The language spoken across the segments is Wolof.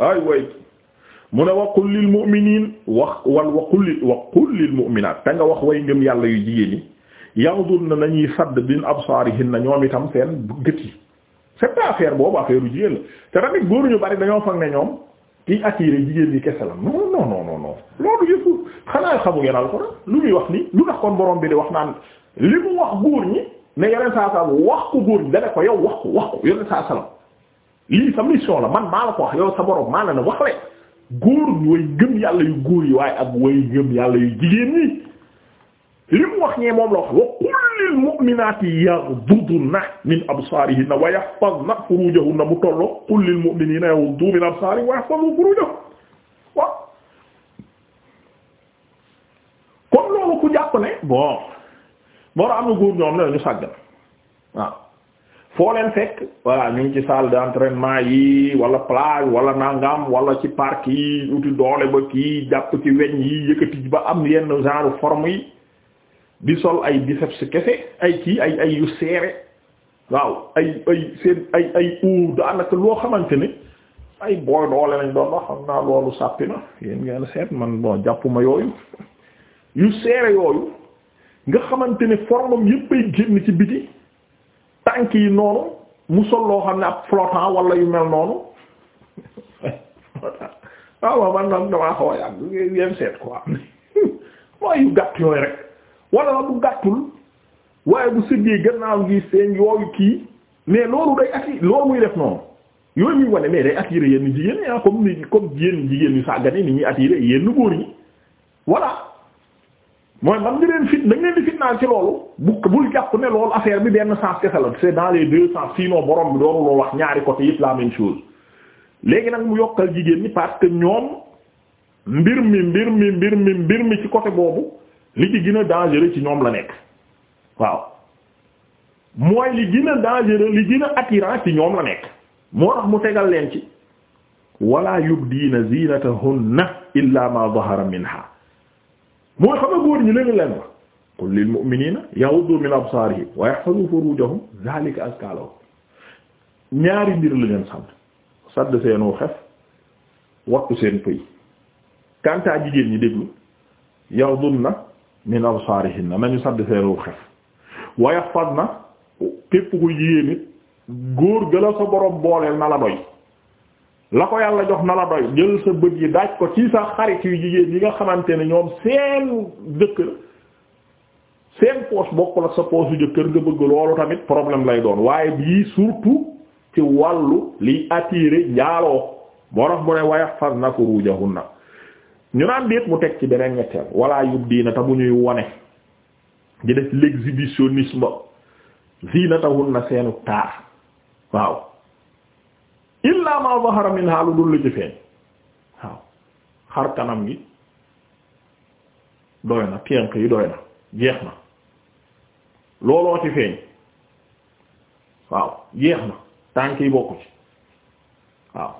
ay way mu ne wa qul lil mu'minin wax wal wa qul lil wa qul lil mu'minaat te nga wax way ngëm yàlla yu jigéen ñi yaghdudna nañuy sadd min absaarihinna ñoom itam seen gët yi c'est pas affaire boobu affaire u jigéen góor ñu bari dañoo foog ne ñoom kiy attiré jigéen ñi kese la non non wax nii borom bi di wax naan li mu wax góor ñi ne yeneen saa saa wax ko góor ñi da ko yow wax ko wax ko yeneen saa salaam lii sa mission la man maa la ko wax yow sa borom maa la ne wax le góor way gëm yàlla yu góor yi waaye ak way gëm yàlla yu jigéen ñi li mu wax ñee moom la wax wa qul lil mu'minati yaghdudna min absarihinna wa yahfazna furujahunna mu tollo qul lil mu'minina yaghuddu min absarihim wa yahfazu furujahum waaw kon loolu ku jàpp ne bon moo am na góor ñoom ne ñu sàggan waaw foo leen fekk voilà ñu ngi ci salle d'entraînement yi wala plage wala nangam wala ci parc yi uti doole ba kii jàpp ci weñ yi yëkkati ba am yenn genre forme yi di sol ay biceps kese ay kii ay ay yu seere waaw ay ay seen ay ay u daanaka loo xamante ne ay booy doole nañ doon wax xam naa loolu sàppi na ngeen seet man bon jàppuma yooyu yu seere yooyu nga xamante ne forme am ay génn ci biti tànk yi noonu mu sol loo xam ne ab flottant wala yu mel noonu ah, waaw man nag damaa xaw a yem seet quoi mooy yu gàtt yooyu rek wala la bu gàttul waaye bu sëggee gannaaw gi seen yooyu kii mais loolu day atti loolu muy def noonu yooyu muy wane mais day attiré yenn jigéen ñi ah comme ni comme yenn jigéen ñu sàggane ni ñuy attiré yenn góor ñi voilà. mooy man nga leen fit da ngeen di ci loolu bu bul jàpp ne loolu affaire bi benn sens kese la c'est dans les deux sens sinon borom bi doonuloo wax ñaari côté yëpp la même chose léegi nag mu yokkal jigéen ñi parce que ñoom mbir mi mbir mi mbir mi mbir mi ci côté boobu li ci gën a ci ñoom la nekk waaw mooy li gën a dangereux li gën a attirant ci ñoom la nekk moo tax mu tegal leen ci wala yubdiina zinatahunna illa ma dhahara minha mooy xam nga góor ñi leen leen wax qul lil mu'minina yaghuddu min absarihim wa yahfazu furujahum zalika azka lahum ñaari mbir la leen sant sadd seenoo xef wattu seen pëy kantaa jigéen ñi déglu yaghudna min absarihinna nañu sadd wu xef wa na képp ku jigéen it góor gëla sa borom booleel na la doy la ko yàlla jox na la doy jël sa bët yi daaj ko ci sa xarit yu jigéen yi nga xamante ne ñoom seen jëkkër seen poche bokkul ak sa poche yu jëkkër nga bëgg loolu tamit problème lay doon waaye bii surtout ci wàllu liy attiré njaaloo moo tax mu ne wayahfazna furujahunna ñu naan déet mu teg ci beneen ñetteel wala yubdiina te bu ñuy wone di def l'exhibitionnisme na seenu taar waaw illaa ma zahara minha lu ci feeñ waaw xar kanam gi doy na tenq yi doy na jeex na looloo ci feeñ waaw jeex na tànk yi bokku ci waaw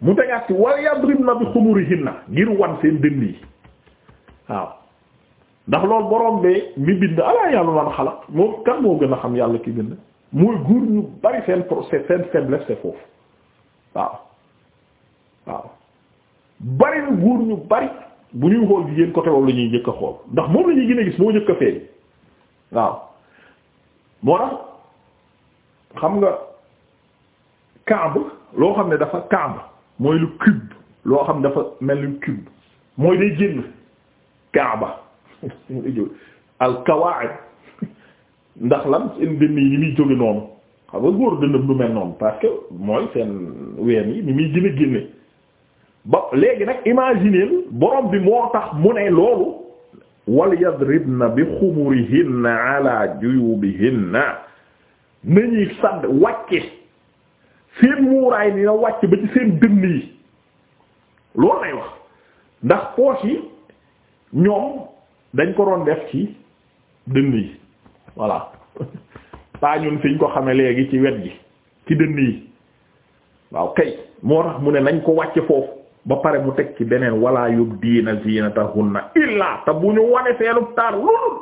mu tegaat ci wal yadribna bi xumurihinna ngir wan seen dënd yi waaw ndax loolu borom bee mi bind alaa yàlla lan xalaq moom kan moo gën a xam yàlla ki bind mooy góor ñu bari seen procès seen faiblesse c'est foofu waaw waaw bari na góor ñu bari bu ñuy xool jigéen côté boobu la ñuy njëkk a xool ndax moom la ñuy gën a gis moo njëkk a feeñ waaw moo tax xam nga kaab loo xam ne dafa kaab mooy lu cube loo xam ne dafa mel ni cube mooy day génn kaaba al kawaa'id ndax lan seen dënn yi ni muy jóge noonu xam nga góor dënnam du mel noonu parce que mooy seen ween yi ni muy gën génne ba léegi nag imaginer borom bi moo tax mu ne loolu wal yadribna bi xumurihinna na juyubihinna nañuy sàdd wàcce seen muuraay ni na wàcc ba ci seen dënn yi loolu lay wax ndax poche yi ñoom dañ ko doon def ci dënn yi voilà pas ñun fiñ ko xame léegi ci wet gi ci dënn yi waaw kay moo tax mu ne nañ ko wàcce foofu ba pare mu teg ci beneen wala yubdiina zinatahunna illaa te bu ñu wane seenu taar loolu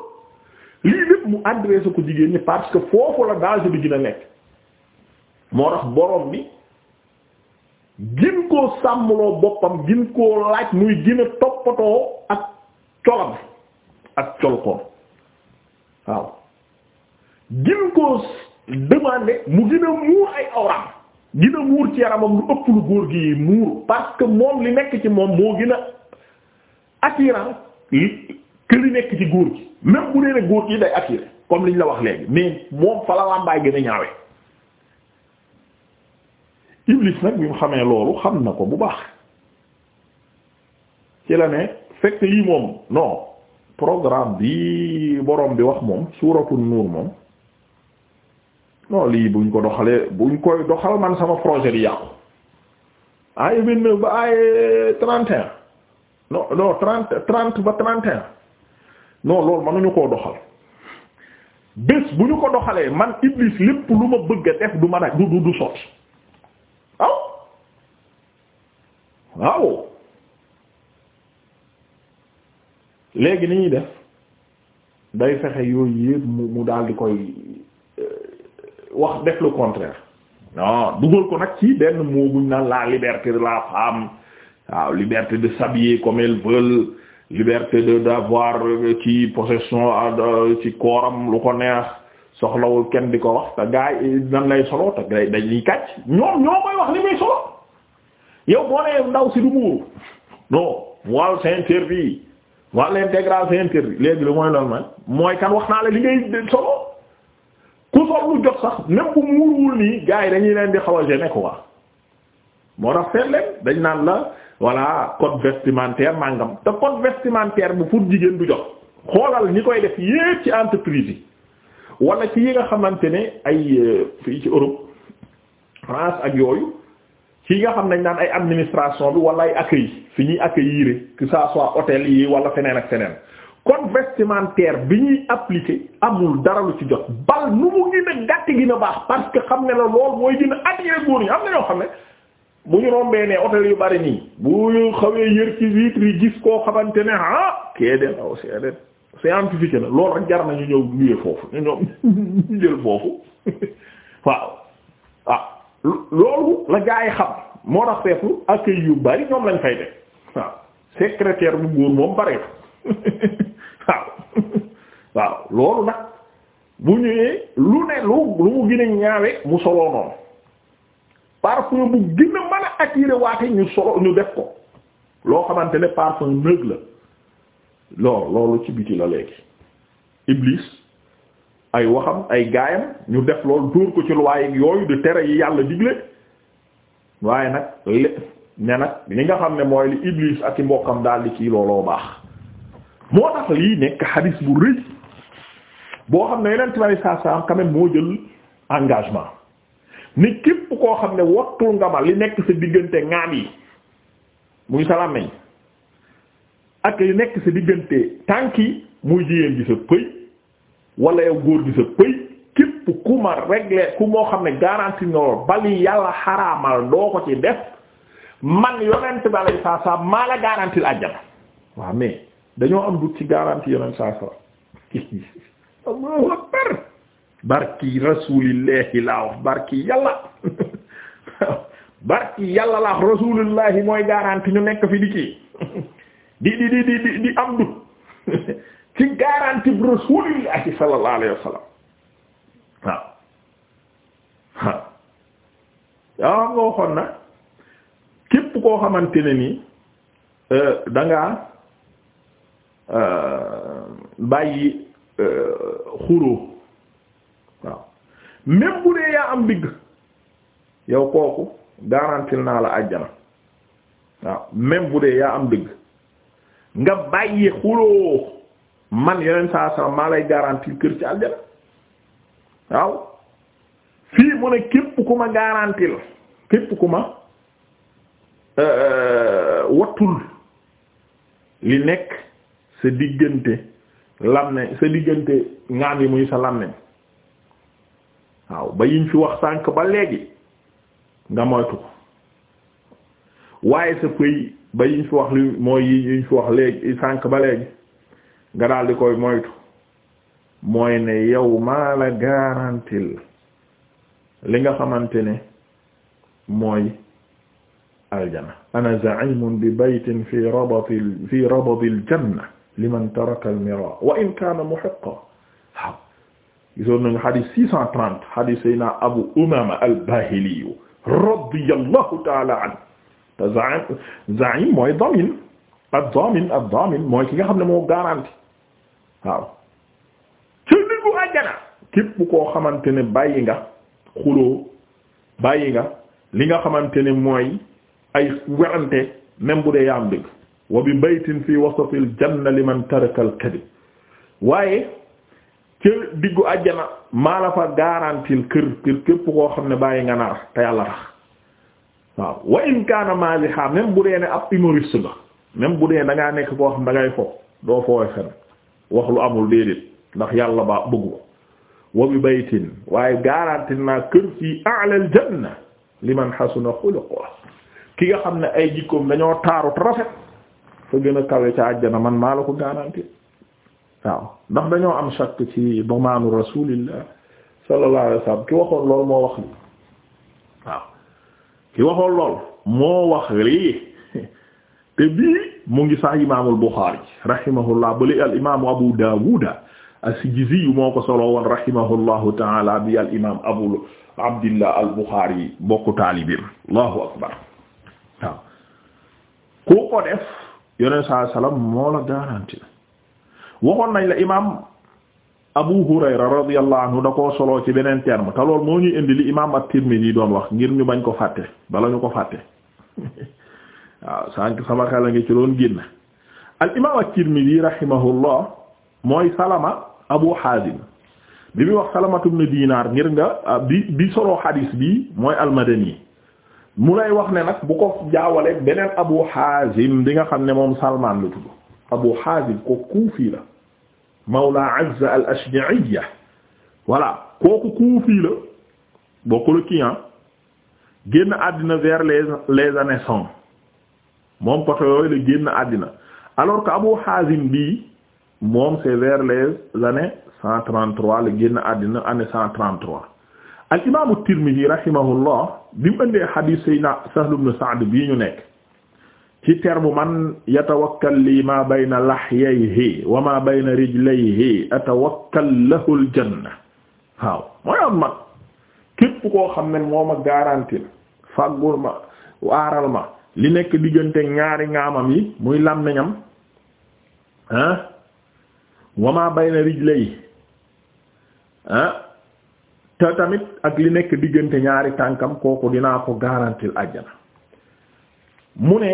lii lépp mu adressé ko jigéen ñi parce que foofu la danger bi gën a nekk moo tax borom bi gin koo sàmmloo boppam gin koo laaj muy gën toppatoo ak colam ak colkoon waaw gën koo demandé mu gën a muur ay awram gën a muur ci yaramam lu ëpp lu góor gi muur parce moom li nekk ci moom moo gën a attirant que li nekk ci góor gi même bu dee góor gi day attiré comme liñ la wax léegi mais moom fa la làmbaay gën a ñaawe Iblis nag bi mu xamee loolu xam na ko bu baax ci la ne fekk lii moom non programme bi boroom bi wax moom suuratul nuur moom non lii buñ ko doxalee buñ koy doxal man sama projet di yàqu ay vingt-neuf ba ay trente et un non non trente trente ba trente et un non koo doxal bés bu ñu ko doxalee man Iblis lépp lu ma bëgg a def du man a du du sotti waaw waaw léegi ni de def day fexe yooyu yépp mu mu daal di koy wax def le contraire dugal ko nag ci benn moo buñ naan la liberté de la femme waaw liberté de s'habiller comme elle veut liberté de d'avoir euh, ci possession euh, euh, ci kooram lu ko neex soxlawul kenn di ko wax te gaay nan lay solo te day dañuy kàcc ñoom ñoo koy wax li muy solo yow boo nee ndaw si du muuru non voile c'est interdit voile intégral c'est léegi lu mooy loolu man mooy kan wax naa la li ngay solo sol jot sax même bu muuruwul nii gars yi dañuy leen di xaw a gêner quoi moo tax seet dañ naan la voilà code vestimentaire màngam te code vestimentaire bu pour jigéen du jot xoolal ñi koy def yépp ci entreprise yi wala ci yi nga xamante ne ay euh, ci Europe ak yooyu ci nga xam nañ naan ay administration bi wala ay accueil fi ñuy accueillir que ça soit hôtel yi wala feneen ak feneen kon vestimentaire bi ñuy appliquer amul dara lu ci jot bal nu mu gën a gàtt gën a baax parce que xam ne la lool mooy gën a attirer góor ñi xam ne bu ñu rombee ne hôtel yu bari nii bu ñu xawee yër ci vitre gis koo xamante ne ah kee de waaw c'est de scientifique la loolu rek jar nañu ñëw luyee foofu ñu ñoom ñu jël foofu waaw ah loolu la gaa yi xam moo tax seetlu ak yu bari ñoom lañ fay def waaw bu góor moom bareetu waaw waaw loolu nag bu ñëwee lu ne lu lu mu gën a ñaawe mu solo parfum bu gën a a attirer waate ñu solo ñu def ko loo xamante ne parfum nëg la loolu loolu ci biti la léegi iblis ay waxam ay gaayam ñu def loolu dóor ko ci luwaay yooyu di tere yi yàlla digle waaye nag le ne nag li nga xam ne mooy li iblis ak i mbokkam daal di kii looloo baax moo tax lii nekk xadis bu rëy boo xam ne yeneen tubaab yi saa saa moo jël engagement ni képp koo xam ne wattul nga ma li nekk sa diggante ŋaam yi muy salaam nañ ak li nekk sa diggante tànk yi muy jigéen gi sa pëy wala yow góor gi sa pëy képp ku ma régler ku moo xam ne garantie nga bali yàlla xaraamal doo ko ci def man yonent bi alay maa la garantie àjjana waaw mais. dañoo am dut ci garantie yonent saa saa Allahu akbar barki rasulillahi laa wax barki yàlla barki yàlla laa wax rasulillahi mooy garantie ñu nekk fi di kii di di di di di am dut ci garantie bi rasulillahi sallallahu alayhi wa waaw waaw nga waxoon na képp koo xamante ne nii euh, dangaa Euh, bàyyi euh, xuloo waaw même bu dee yaa am digg yow kooku garantil naa la àjjana waaw même bu dee yaa am digg nga bàyyi xuloo man yeneen sa saa maa lay garantir kër ci àjjana waaw fii mu ne képp ku ma garantil képp ku ma euh, wattul li nekk sa diggante lamne sa diggante ñaan yi muy sa lamne waaw ba yiñ fi wax sànk ba léegi nga moytu ko waaye sa pëy ba yiñ fi wax lu mooy yiñ fi wax léegi sànk ba léegi nga daal di koy moytu mooy ne yow maa la garantil li nga xamante ne mooy aljana ana za'imun bi baytin fi rabati fi rabati aljanna liman taraka al-miraa wa in kaana muhiqqan waaw gisoon nañu xadis 630 xadis Seydina Abu Umaama al-Baahili radiyallahu ta'ala anhu te zaim zaim mooy damin ad-damin ad-damin mooy ki nga xam ne moo garanti waaw ci diggu àjjana képp koo xamante ne bàyyi nga xuloo bàyyi nga li nga xamante ne mooy ay werante même bu dee wa bi baytin fi wasati al janna liman taraka al waaye ci diggu àjjana maa la fa garantil kër kër képp koo xam ne bàyyi nga nar te yàlla tax waaw wa in kaana maaliha même bu dee ne ab humoriste la même bu dee da ngaa nekk koo xam da ngay fo doo fooy fen wax lu amul déedéet ndax yàlla ba bëgg ko waaye garantil naa kër fii a'lal janna liman hasuna xuluqu ki nga xam ne ay jikkoom dañoo taaru rafet fa gën a man maa la ko garanti ndax dañoo am shakk ci domaanu rasulillah sallallahu alayhi wasallam ki waxoon ki waxoon lool moo wax te bii mu ngi sax imaamul Buxaari rahimahullah bali al imaamu Abu Daawuda as-Sijizi moo ko solo woon rahimahullahu taala bi al imaam Abu Abdillah al akbar ku ko def yonent saa salaam moo la garanti waxoon nañ la imaam Abu Hurayra radiyallahu anhu da koo soloo ci beneen terme te moo ñuy indi li imaam at-Tirmidhi doon wax ngir ñu bañ ko fàtte bala ñu ko fàtte waaw sànq sama xel ngi ci doon génn al imaam at-Tirmidhi rahimahullah mooy Salama Abu Hazim bi muy wax Salamatu ibn Dinar ngir nga bi bi soloo xadiis bi mooy al mu lay wax ne nag bu ko jaawaleek beneen Abu Hazim bi nga xam ne moom Salman la tudd Abu Hazim ko fii la mawla Azza al-Ashja'iyya voilà kooku kuufi la bokku la kian ah. génn àddina vers les les années cent moom côté yooyu la génn àddina alors que Abu Hazim bii moom c'est vers les années cent trente la génn àddina année cent trente-trois al imaamu Tirmidhi rahimahullah bi mu ëndee xadiis sayna Sahl ibn Sa'd bii ñu nekk ci terme man yatawakkal lii maa bayna lahyayhi wa maa bayna rijlayhi atawakkal lahu al waaw mooy am man képp koo xam ne moo ma garantie fàggul ma waaral ma li nekk diggante ñaari ngaamam yi muy làmmiñam ah wa maa bayna rijlayhi ah te tamit ak li nekk diggante ñaari tànkam kooku dinaa ko garantir àjjana mu ne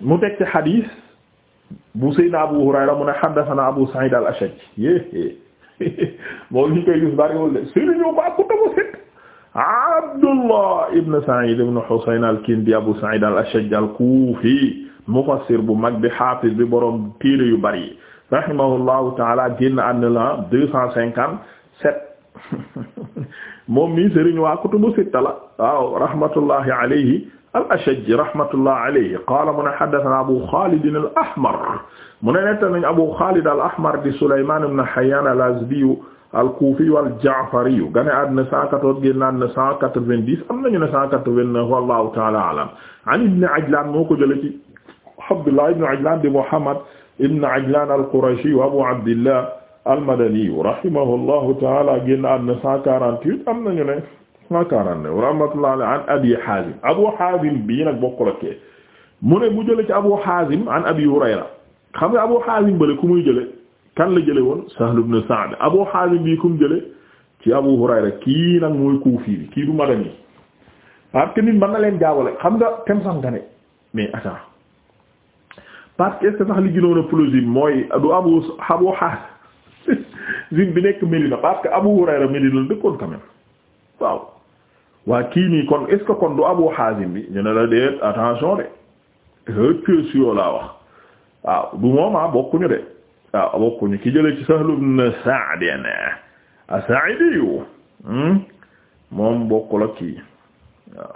mu teg ci xadiis bu Seydina Abu Hurayra mu ne xaddasana Abu Sa'id al-Ashaj moom ñu koy gis bariwul de sëriñu ba kutubu sitt Abdullah ibn Sa'id ibn Husayn al-Kindi Abu Sa'id al-Ashaj al-Kufi mufassir bu mag bi xaafis bi borom téere yu bari rahimahullahu ta'ala génn ànd la deux cent moom mii sëriñ waa kutubu sitta la waaw rahmatullahi alayhi al-Ashajj rahmatullahi alayhi qaala mu ne haddathanaa Abu Khalid al-Ahmar mu ne nettal nañ Abu Khalid al-Ahmar di Sulaymaan ibn Hayyan al-Azdi al-Kufi wal-Ja'fari gane àddina 114 génn àddina 190 am nañu ne 189 wallahu ta'ala a'lam an Ibn Ajlan moo ko jëlee ci Abdullah ibn Ajlan di Muhammad ibn Ajlan al-Qurashi wa Abu Abdillah almadaniyu rahimahullahu taala am nañu ne 149 rahmatullah alayhi abu hazim bii nag bokkul ak mu jële ci abu hazim an abi xam nga abu hazim bale ku jële kan la jële woon sahl ibn sa'd abu hazim bii ku mu jële ci abu hurayra kii nag mooy kuufi bi kii du madani parce que nit mën na leen jaawale xam nga tem sax nga ne mais attends parce que est sax li gënoon a mooy du abu abu hazim usine bi nekk Médina parce que Abu Hurayra Médina la dëkkoon quand waaw waa kii nii kon est kon du Abu Hazim bi ñu ne la déet attention de récursio laa wax waaw du mooma ah, bokkuñu de waaw bokkuñu ki jële ci Sahl ibn Sa'd as-Sa'idi hmm? moom bokkul ak kii waaw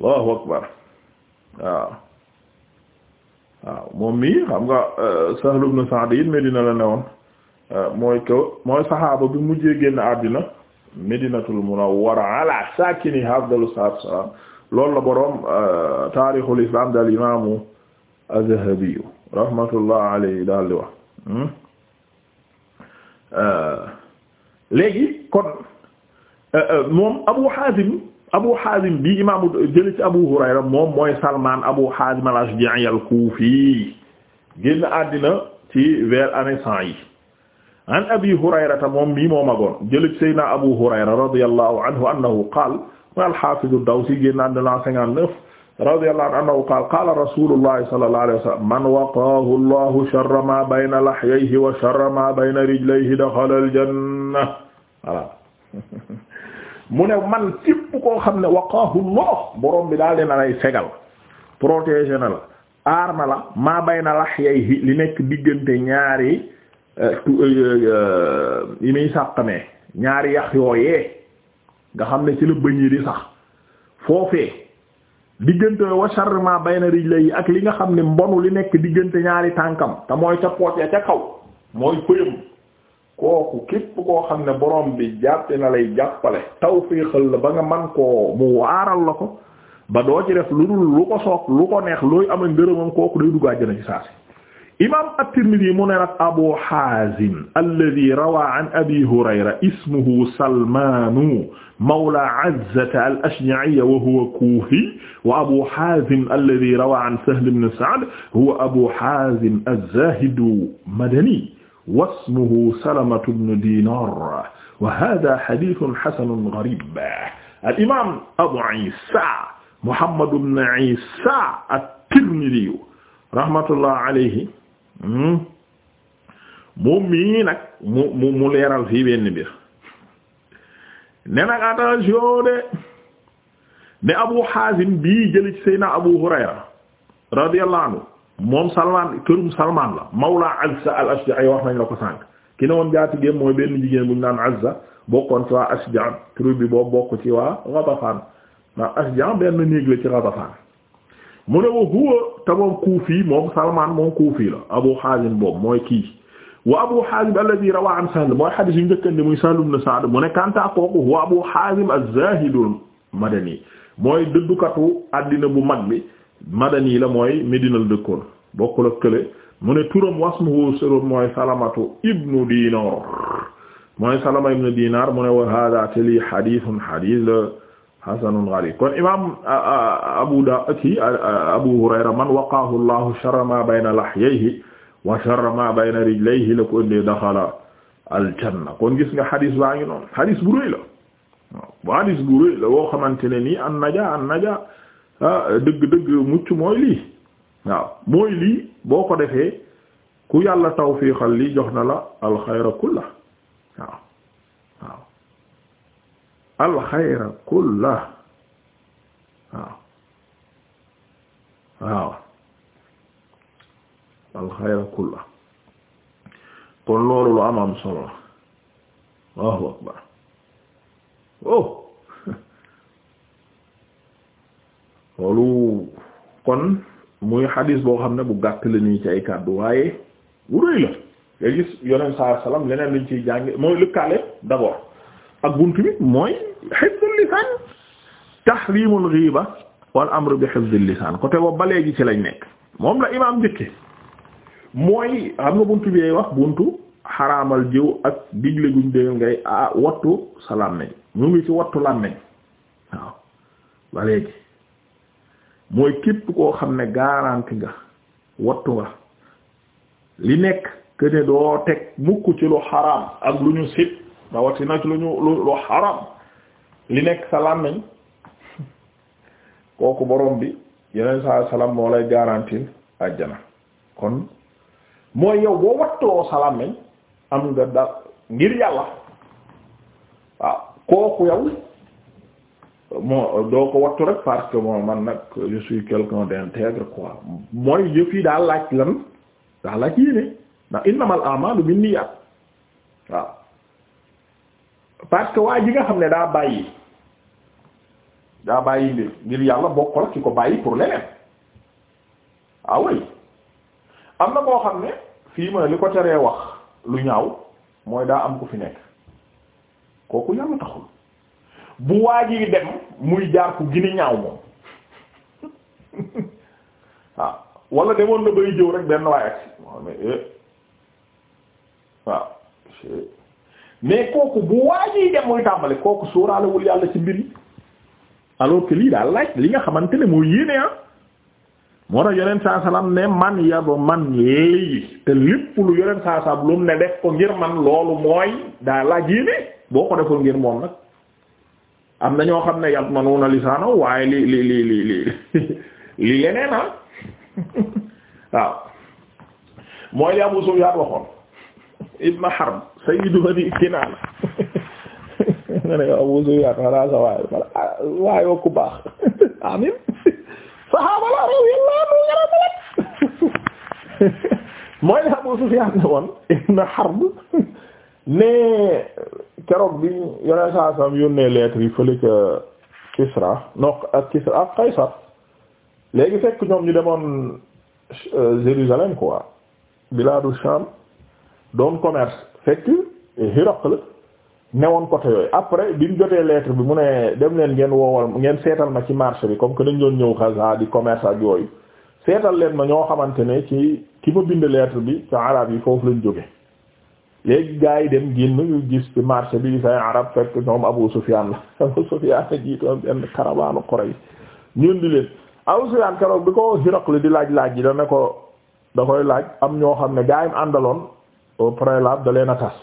Allahu akbar waaw waaw moom mii xam nga euh, Sahl ibn Sa'd Medina la newoon Euh, mooy ko mooy saxaaba bi mujjee génn àddina medinatul munawwara ala saakini afdalu salaatu loolu la boroom euh, taarixul islam daal imaamu az-Zahabi rahmatullah alayhi daal di wax hmm? euh, léegi kon moom Abu Haazim Abu Haazim bi imaamu jëli ci Abu Hurayra moom mooy Salmaan Abu Haazim al-Ashja'i al-Kuufi génn àddina ci vers année yi an abi hurayrata moom mii moo magoon jëlëj saydna abu hurayra radiyallahu anhu annahu qaal mu alhafidu dawsi génn na la cinquante-neuf radiyallahu anhu annahu qaal qaala rasulullahi sallallahu alayhi wa sallam man waqaahu allahu sharra ma bayna lahyayhi wa sharra ma bayna rijlayhi daxala aljanna voilà mu ne man képp koo xam ne waqaahu allah borom bi daal dina lay fegal protégé na la aar na la maa bayna lahyayhi li nekk diggante ñaari Euh, euh, euh, yi muy sàqamee ñaari yax yooyee nga xam ne ci la bëñ yi di sax foofee diggante wa bay na bayna rijlayhi ak li nga xam ne mbonu li nekk diggante ñaari tànkam te mooy ca poot ya ca kaw mooy pëyam kooku képp koo xam ne borom bi jàppe na lay jàppale tawfiixal la ba nga man koo mu waaral la ko ba doo ci def lu dul lu ko soog lu ko neex looy amal ngërëmam kooku day dugg àjjana ci saa si imam at-Tirmidhi mu ne nag Abu Hazim alladhi rawa an Abi Hurayra ismuhu Salmaanu mawla Azzata al-Ashja'i wa huwa Kufi wa Abu Hazim alladhi rawa an Sahl ibn Sa'd huwa Abu Hazim az-Zahid madani wa ismuhu Salamatu ibn Dinar wa hadha hadithun hasanun gharib al-imam Abu Isa Muhammad ibn Isa at-Tirmidhi rahmatullah alayhi Hmm? moom mii nag mu mu mu leeral fii benn mbir ne nag attention de ne Abu Hazim bii jëli ci Seydina Abu Hurayra radiyallahu anhu moom Salman kërum Salman la Mawla Azza al ay wax nañ la ko sànq ki ne woon jaatigéem mooy benn jigéen bu ñu naan Azza bokkoon ci waa Ashja' tribu bi boo bokk ci waa Ghatafan ndax Ashja' benn néeg la ci Ghatafan mu ne wa huwa te moom kuufi moom Salman moom kuufi la Abu Hazim boobu mooy kii wa Abu Hazim alladhi rawa an Sahl mooy xadis yu njëkkandi muy Sahl ibn Sa'd mu ne kanta kooku wa Abu Hazim az-Zahidul Madani mooy dëddukatu addina bu mag bi Madani la mooy Medina la dëkkoon bokkul ak kële mu ne turam wasmuhu suram mooy Salamatu ibnu Dinar mooy Salama ibnu Dinar mu ne wa hada te lii xadisun xadis la hasanun gharib kon imam abu da ki abu hurayra man waqaahu llahu sharra ma bayna lahyayhi wa sharra ma bayna rijlayhi la ko ëndee daxala aljanna kon gis nga hadis baa ngi noonu hadis bu rëy la waaw hadis bu rëy la woo xamante ne nii an naja an naja ah, dëgg-dëgg mucc mooy lii waaw mooy lii boo ko defee ku yàlla tawfiixal lii jox na la alxayra kulla alxayra kullah waaw waaw alxayra kullah kon loolu lu am am solo Allahu akbar oh loolu kon muy xadiis boo xam ne bu gàtt la nii ci ay kàddu waaye bu rëy la nga gis yoneen saa salaam leneen luñ ciy jànge mooy lëkkaale d'abord ak bunt bi mooy hifdul lisaan tahrimul ghiba wal amru bi hifdil lisaan côté boobu ba léegi ci lañ nekk moom la imaam njëkke mooy xam nga buntu bi wax buntu xaraamal jëw ak digle guñ dégg ngay ah wattu sa làmmeñ ñu ngi ci wattu làmmeñ waaw ba léegi mooy képp koo xam ne garanti nga wattu nga li nekk que ne doo teg mukk ci lu xaraam ak lu ñu sit rawati nag lu ñu lu lu xaram li nekk sa làmmiñ kooku borom bi yeneen sa salaam moo lay garantir àjjana kon mooy yow boo wattoo sa làmmiñ am nga da ngir yàlla waaw kooku yow moo doo ko wattu rek parce que bon man nag je suis quelqu'un d'intègre quoi mooy yëf yi daa laaj lan daa laaj yéene ndax innamal a'malu binniyat waaw parce que waa ji nga xam ne daa bàyyi daa bàyyi mbir ngir yàlla bokkul ak ki ko bàyyi pour leneen ah am na koo xam ne fii ma li ko teree wax lu ñaaw mooy daa am ku fi nekk kooku yàlla taxul bu waa ji dem muy jaar ku gini ñaaw moom waaw ah, wala demoon na bay jëw rek benn waaye ak si moo xam ne waaw eh. mais kooku bu waaji dem mooy tàmbali kooku suuraalewul yàlla ci mbir yi alors que daal laaj li nga xamante ne mooy yéene ah moo tax yonent saa salaam ne man yado man léegi te lépp lu yonent saa salaam lu mu ne def ko ngir man loolu mooy daa laaj yéene boo ko defoon ngir moom nag am na ñoo xam ne yat manuuna lisaano waaye li li li li li leneen ah waaw mooy li Abu Sufyaan waxoon Ibn Harb sayyidu Bani Kinaana nga ne Abu Sufyaan ah, wala sa waay wala ah, waayoo ku baax amin saxaaba la radiyallahu anhu yaramalat mooy ne Abu Sufyaan ne woon Ibn Harb ne keroog bi yoneen saa sam yónnee lettre yi fële ca Kisra no ak Kisra ak ah, Qaysar léegi fekk ñoom ñu demoon euh, Jérusalem quoi biladu Sham doon commerce fekk Hiraql newoon côté yooyu après bi mu jotee lettre bi mu ne dem leen ngeen woowal ngeen seetal ma ci marché bi comme que doon ñëw xasa di commerce ak yooyu seetal leen ma ñoo xamante ne ci ki ma bind lettre bi ca arab yi foofu lañ jóge léegi gaa yi dem génn ñu gis ci marché bi say arab fekk ñoom Abu Sufyan la Abu Sufyan a benn karabaanu Quraysh ñun di leen Abu Sufyan keroog bi ko Hiraql di laaj laaj yi da ne ko da koy laaj am ñoo xam ne gars yi au préalable da leen a tas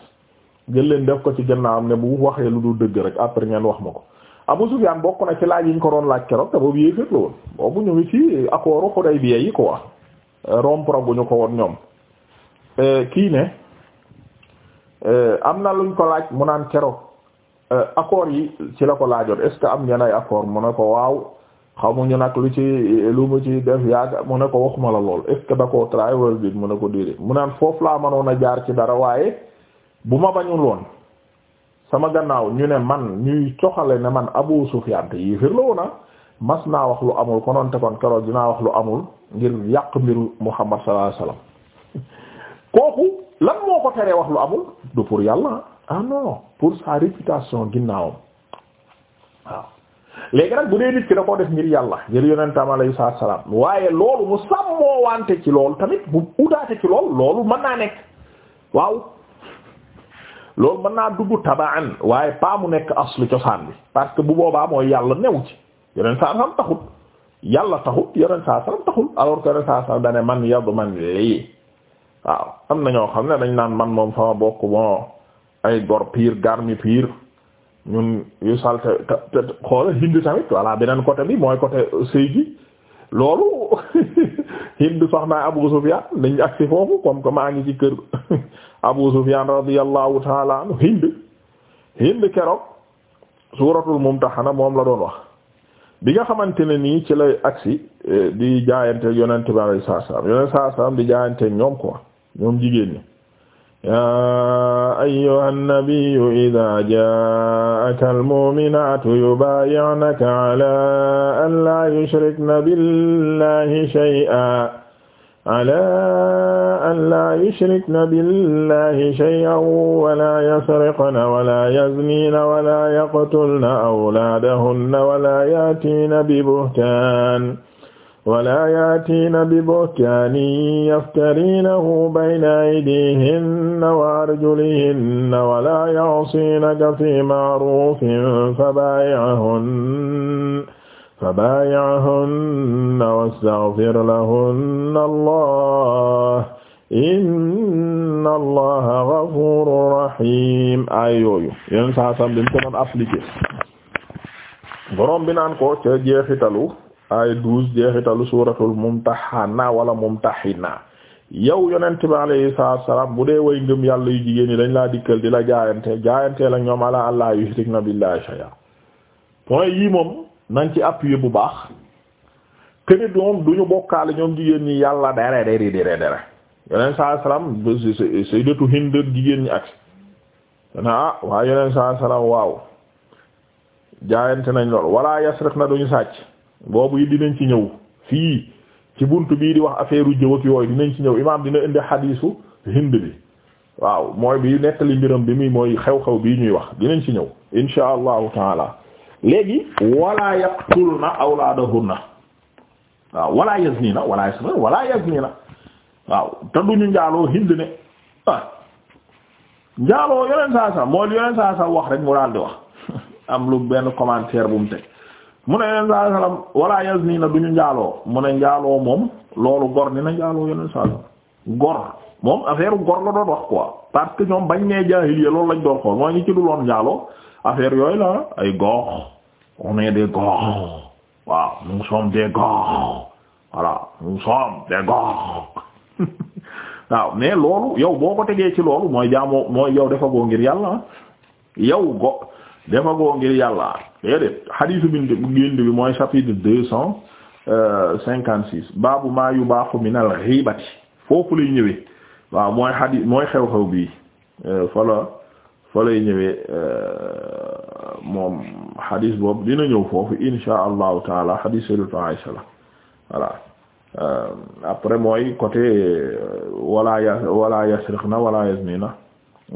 leen def ko ci am ne bu waxee lu dul dëgg rek après ngeen wax ma ko Abu Sufyaan bokk na ci laaj yi ñu ko doon laaj keroog te boobu yéeféet la woon boobu ñu ngi ci accordu Xudaybiya yi quoi rompre bu ñu ko woon ñoom euh, kii ne euh, am na luñ ko laaj mu naan keroog euh, accords yi ci la ko laajoon est ce que am ngeen ay accords mu ne ko waaw xamuñu nag lu ci lu mu ci def yàgg mu ne ko waxuma la lool est ce que da koo tray wala mu ne ko déedéet mu naan foofu laa manoon a jaar ci dara waaye bu ma bañul woon sama gannaaw ñu ne man ñuy coxale ne man Abu Sufyaan te yii fir la woona ah. mas naa wax lu amul konoonte kon keroog dinaa wax lu amul ngir yàq mbiru Muhammad sallallahu alayhi wasallam wax lu amul du pour yàlla ah, ah non pour sa réputation ginnaawam waaw léegi nag bu dee nit ki da koo def ngir yàlla ngir yonentam alayhi salaam waaye loolu mu sàmmoo wante ci loolu tamit bu udaate ci loolu loolu mën naa nekk waaw loolu mën naa dugg tabaan waaye pas mu nekk aslu cosaan bi parce que bu boobaa mooy yàlla new ci yonent saa salaam taxul yàlla taxul yonent saa salaam taxul alors que yonent saa salaam man yadu man lii waaw am na ñoo ne dañ naan man moom sama bokk bon ay gor pire garmi pire. ñun yu salte te xool Hind tamit voilà beneen côté bi mooy côté sëy gi loolu Hind soxna Abu Sufyan nañ agsi foofu comme que maa ngi ci kër Abu Sufyan radiyallahu ta'ala anhu Hind Hind keroog suuratul Mumtahana moom la doon wax bi nga xamante ne nii ci lay agsi eh, di jaayante yonent bi sallallahu alayhi wasallam yonent di jaayante ñoom quoi ñoom jigéen ñi yaa ayyuha nnabiyu idaa jaa'aka almu'minaatu yubaayi'naka alaa an laa yushrikna billaahi shay'an alaa an laa yushrikna billaahi shay'an wa laa yasriqna wa laa yazniina wa laa yaqtulna awlaadahunna wa laa ya'tiina bi buhtaan wala yaatiina bi buhtaanin yaftariinahu bayna aydiihinna wa arjulihinna wala ya'siinaka fii ma'ruufin fabaayi'hunna fabaayi'hunna wastaghfir lahunna Allah inna Allaha ghafuurun rahiim ayooyu yéen saa sam bi mu ko doon appliqué borom bi naan ko ca jeexitalu ay douze jeexitalu suuratul mumtahana wala naa yow yonent bi alayhi salaatu salaam bu dee way ngëm yàlla yu jigéen ñi dañ laa dikkal di la jaayante jaayante la ñoom ala allah yushrikna billahi shay'a point yii moom nañ ci appuyer bu baax kene doom duñu bokkaale ñoom jigéen ñi yàlla dara dara dara dara yonent saa salaam sayyidatu Hind jigéen ñi ak dana ah waaye yonent salaam waaw jaayante nañ lool wala yasriqna duñu sàcc boobu yi dinañ ci ñëw fii ci bunt bii di wax affaire u jëw yooyu dinañ ci ñëw imaam dina indi xadiisu hind bi waaw mooy bii nettali mbiram bi muy mooy xew-xew bii ñuy wax dinañ ci ñëw insha allahu taala léegi wala yaqtulna awlaadahunna waaw wala yaznina wala yaznina wala yaznina waaw te duñu njaaloo hind ne ah njaaloo yeneen saa sa mooy yeneen saa sa wax rek mu daal di wax am lu benn commentaire bu mu teg mu ne yeneen saa salaam wala yazni na du ñu njaaloo mu na njaaloo moom loolu gor ni na njaaloo yeneen saa salaam gor moom affaire gor la doon wax quoi parce que ñoom bañ nee jaahiliya loolu lañ doon xool mooy ñi ci du loon njaaloo affaire yooyu la ay gor on est des gor waaw nous sommes des gor voilà nous sommes des gor waaw mais loolu yow boo ko tegee ci loolu mooy jaamoo mooy yow dafa ngir yàlla yow go dafa ngir yàlla déedéet xadiisu bind génd bi mooy chapitre deux cent euh, cinquante six baabu maa yu baaxu minal ghibati foofu lay ñëwee waaw mooy xadiis xew-xew bi euh, fala fa lay ñëwee euh, moom xadiis boobu dina ñëw foofu insha allahu taala xadiis sayyidatu Aisha la voilà après mooy côté wala ya wala yasriqna wala yaznina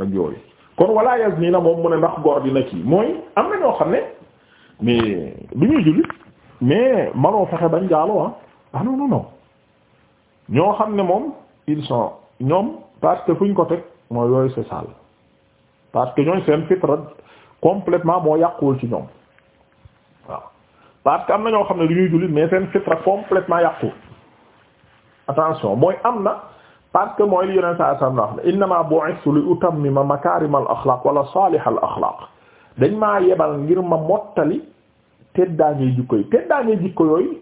ak yooyu kon wala yaznina moom mu ne ndax góor dina mooy am na ñoo xam ne mais du ñuy jullit mais manoo fexe bañ jaaloo ah ah non ñoo xam ne moom ils sont ñoom parce que fu ñu ko teg mooy yooyu c'est sale parce que ñooñ seen fitra complètement moo yàquwul ci ñoom waaw parce que am na ñoo xam ne du ñuy jullit mais seen fitra complètement yàquwul attention mooy am na parce que mooy li yeneen saa sam na wax ne innama bu'istu li utammima makaarimal axlaaq wala saalihal axlaaq dañ maa yebal ngir ma mottali teddaa ngay jikko yi teddaa ngay jikko yooyu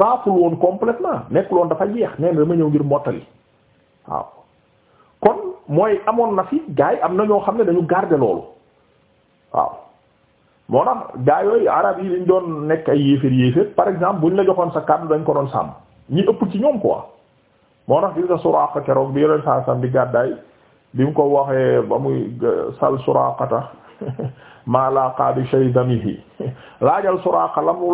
raaful woon complètement nekkul woon dafa jeex nee na dama ñëw ngir mottali waaw kon mooy amoon na fi gars yi am na ñoo xam ne dañu garder loolu waaw moo tax gars yooyu arab yi dañ doon nekk ay yéeféer yéeféer par exemple buñ la joxoon sa kàddu dañ ko doon sàmm ñi ëpp ci ñoom quoi moo tax gis nga keroog bi yeneen saa sam bi gàddaay bi mu ko waxee ba muy sal Suraaqata maalaqa bi shaydamihi laajal Suraaqa la mu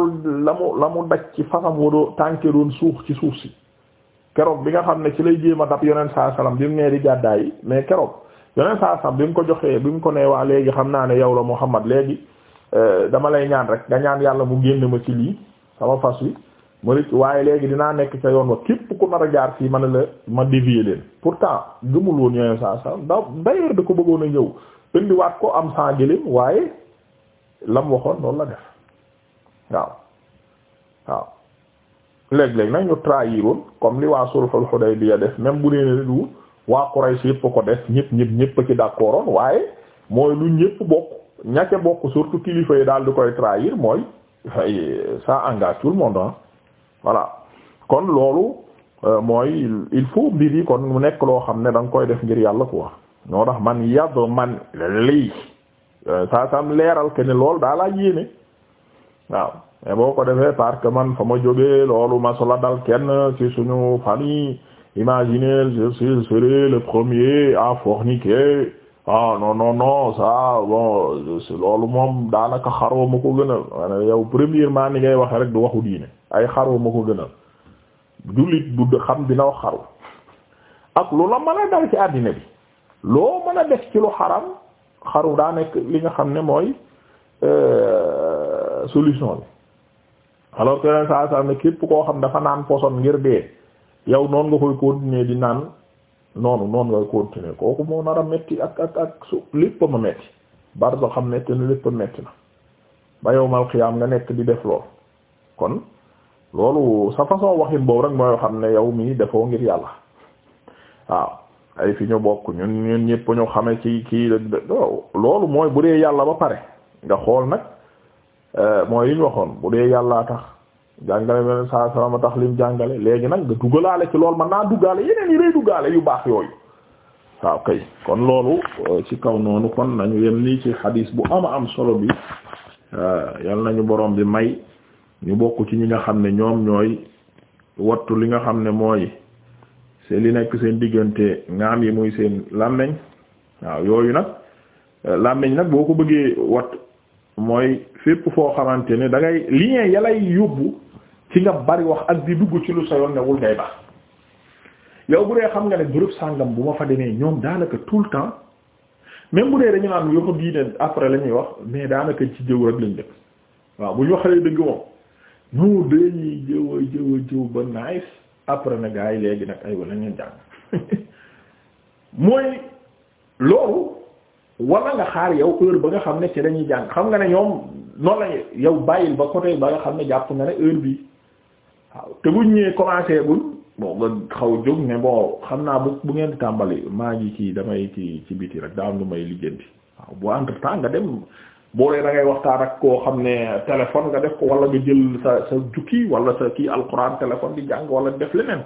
la mu la mu daj ci fasam wadoo tànke doon suuf ci suuf si keroog bi nga xam ne ci lay jéem a dab yoneen saa salaam bi mu nee di gàddaa yi mais keroog yoneen saa salaam bi mu ko joxee bi mu ko nee waa léegi xam naa ne yow la Muhammad léegi euh, dama lay ñaan rek nga ñaan yàlla mu génn ma ci lii sama fas wi ma rëcc waaye léegi dinaa nekk ca yoon wa képp ku nar a jaar fii ma ne la ma dévier leen pourtant gëmul woon yoneen saa salaam da d'ailleurs ko bëggoon a ñëw indiwaat ko am sans gëléem waaye lam waxoon noonu la def waaw waaw léeg-léeg nag ñu trahiroon comme li waa sulhul Hudaybiya def même bu nee ne du waa Quraysh yëpp ko def ñëpp ñëpp ñëpp ci waaye mooy lu ñëpp bokk ñace bokk surtout kilifa yi daal di koy trahir mooy sa engage tout le monde ah voilà kon loolu euh, mooy il faut mbir yi kon mu nekk loo xam ne danga koy def ngir yàlla quoi ñoo tax man yado man lii euh, saa sam leeral ke ne loolu daa laa waaw mais boo ko defee parce que man fa ma jógee loolu ma sola dal kenn ci suñu famille imaginez je serai le premier à forniquer ah non non bon loolu moom daanaka xarwa ma ko gënal wane yow premièrement ni ngay waxe rek du waxu diine ay xarwa ma ko gënal jullit bu xam dina wax xaru ak lu la mën a dal ci àddina bi loo mën a def ci lu xaram xaru daa nekk li nga xam ne mooy euh, solution bi alors que yeneen saa saa ne képp koo xam dafa naan poson ngir dee yow noonu nga koy continuer di naan noonu noonu nga koy continuer kooku moo nar a metti ak ak ak su lépp ma metti bardo xam metti na lépp metti na ba yowmal xiyaam nga nekk di def lool kon loolu sa façon waxin boobu rek mooy xam ne yow mii defoo ngir yàlla waaw ay fi ñu bokk ñun ñun ñëpp ñu xame ci kii loolu mooy bu dee yàlla ba pare nga xool nag euh, mooy yi waxoon bu dee yàlla tax jàngale beneen saa salaama tax lim jàngale léegi nag nga dugalaale ci loolu man naa duggaale yeneen yi day duggaale yu baax yooyu waaw kay kon loolu euh, ci kaw noonu kon nañu yem nii ci xadiis bu ama am solo bi euh, yal nañu borom bi may ñu bokk ci ñi nga xam ne ñoom ñooy wattu li nga xam ne mooy c'est li nekk seen diggante ngaam yi muy seen làmmeñ waaw yooyu nag euh, làmmeñ nag boo ko bëggee wat mooy fépp foo xamante ne da ngay lien yalay yóbbu ci nga bari wax ak di dugg ci lu sa yoon newul ngay bax yow bu dee xam nga ne groupe sàngam bu ma fa demee ñoom daanaka tout le temps même bu dee dañu naan yoo ko diine après la ñuy wax mais daanaka ci jëw rek lañ def waaw bu ñu waxalee dëgg moom ñoo dañuy jëwa jëwa jëw ba nice après na gaa yi léegi nag ay wala ñu jàng mooy nga xaar yow heure ba nga xam ne ci dañuy jàng xam nga ne ñoom noonu la yow bàyyil ba côté ba nga xam ne jàpp nga ne heure bi waaw te buñ ñëwee commencé buñ bon nga xaw jóg ne bon xam naa bu bu ngeen tàmbali maa ngi kii damay kii ci biti rek daa am lu may liggéenti waaw bu entre nga dem boo dee da waxtaan ak koo xam ne téléphone nga def ko walla nga jël sa sa jukki wala sa kii alquran téléphone di jàng wala def leneen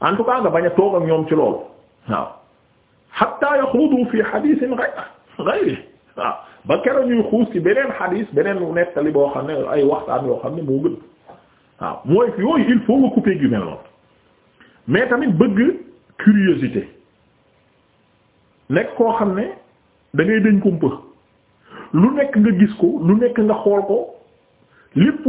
en tout cas nga bañ a toog ak ñoom ci loolu waaw hatta yaxuudu fi hadithin ghayri waaw ba keroog ñuy xuus ci beneen hadis beneen nettali boo xam ne ay waxtaan yoo xam ne mooy yooyu il faut mais tamit bëgg curiosité nekk koo xam ne da ngay dañ kumpa lu nekk nga gis ko lu nekk nga xool ko lépp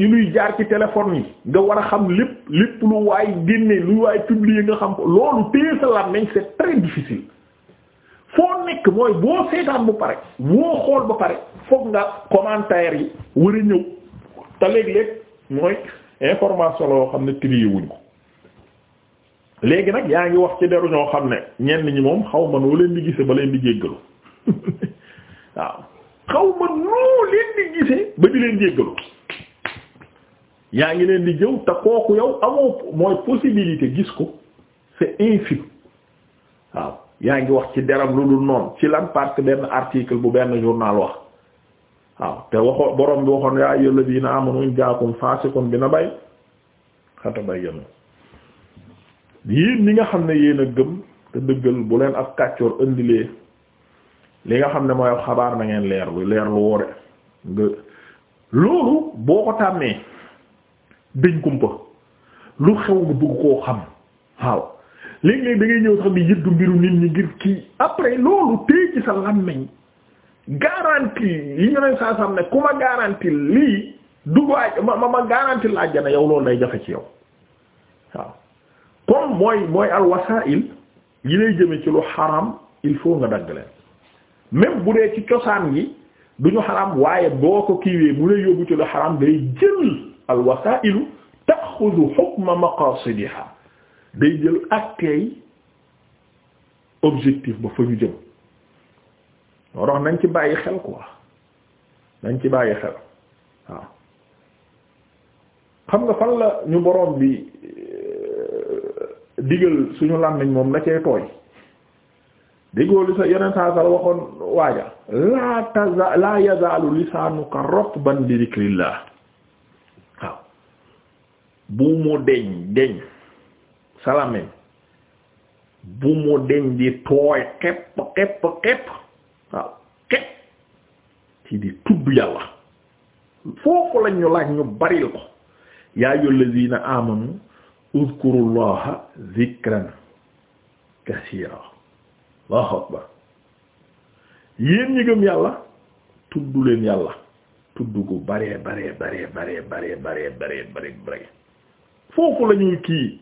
luy jaar ci téléphone yi nga war a xam lépp lépp lu waay génne lu waay publier nga xam ko loolu téye sa làmmiñ c'est très difficile foo nekk mooy boo seetaan bu pare boo xool ba pare foog nga commentaire yi war a ñëw te léeg-léeg mooy information la yoo xam ne trier ko léegi nag yaa ngi wax ci deru ñoo xam ne ñenn ñi moom xaw ma noo leen di gisee ba leen di jéggalu waaw xaw ma noo leen di gisee ba di leen jéggalu yaa ngi leen di jëw te kooku yow amoo mooy possibilité gis ko c'est infime waaw yaa ngi wax ci deram lu dul noonu ci lan parce que benn article bu benn journal wax waaw te waxo borom bi waxoon yaa ayyuhal ladina amanu in jaakum fasiqun bi nabay fatabayyanu yéen ñi nga xam ne yéen a gëm te dëggal bu leen ab kàccoor indilee li nga xam ne mooy xabaar na ngeen leerlu leerlu woore nga loolu boo ko tàmmee dëñ kumpa lu xew nga bëgg koo xam waaw léeg-léeg da ngay ñëw sax bi yëddu mbiru nit ñi ngir kii après loolu téye ci sa làmmiñ garantie yi lii duggaaj ma ma ma garantie la àjjana yow loolu day jafe ci yow waaw comme mooy mooy alwasail yi lay jëme ci lu xaram il faut nga dagg leen même bu dee ci cosaan gi du ñu xaram waaye boo ko kiiwee mu lay yóbbu ci lu xaram day jël al wasailu taxudu hukma jël akteey objectif ba fa ñu jëm moo tax nañ ci bàyyi xel quoi nañ ci bàyyi xel waaw xam nga fan la ñu boroom bi euh, digal suñu làmmiñ moom na cee tooy déggoo li sa yeneen saa waxoon waaja laa taza laa yazaalu lisaanuka ratban bi dhikrillah waaw bu mu deñ deñ salamen bu mu deñ di tooy xepp xepp xepp waaw xepp ci di tudd yàlla foofu lañ laaj ñu baril ko yaa ayyuhallazina amanu udkurullaha dhikran kaseera Allahu akbar yéen ñi gëm yàlla tuddu leen yàlla tudd gu bare bare bare bare bare bare foofu la kii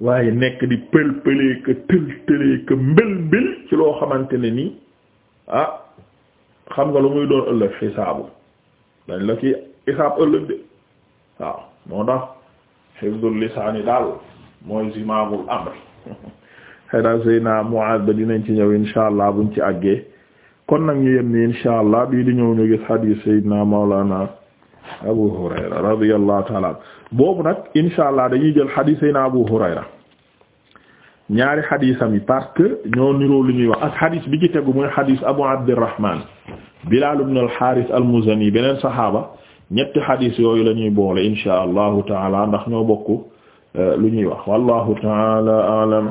waaye nekk di pël-pëlee tël-tëlee mbël-mbël ci loo xamante ne nii ah xam nga lu muy doon ëllëg xisaabu dañ la ci xisaab ëllëg de waaw moo tax xifdul lisaani daal mooy zimaagul amri xëyna Seydina Muaaz ba dinañ ci ñëw insha allah buñ ci àggee kon nag ñu yem ni insha allah bii di ñëw ñu gis hadiis Seydina Mawlana Abu Hurayra radiyallahu ta'ala boobu nag insha allah dañuy jël hadiis Seydina Abu Hurayra ñaari xadisam yi parce que ñoo niroo lu ñuy wax ak xadis bi ci tegu muy xadis Abu Abdirrahman Bilal ibn al-Harith beneen saxaaba ñetti xadis yooyu la boole insha allahu taala ndax ñoo bokk euh, lu ñuy wax wallahu taala a'lam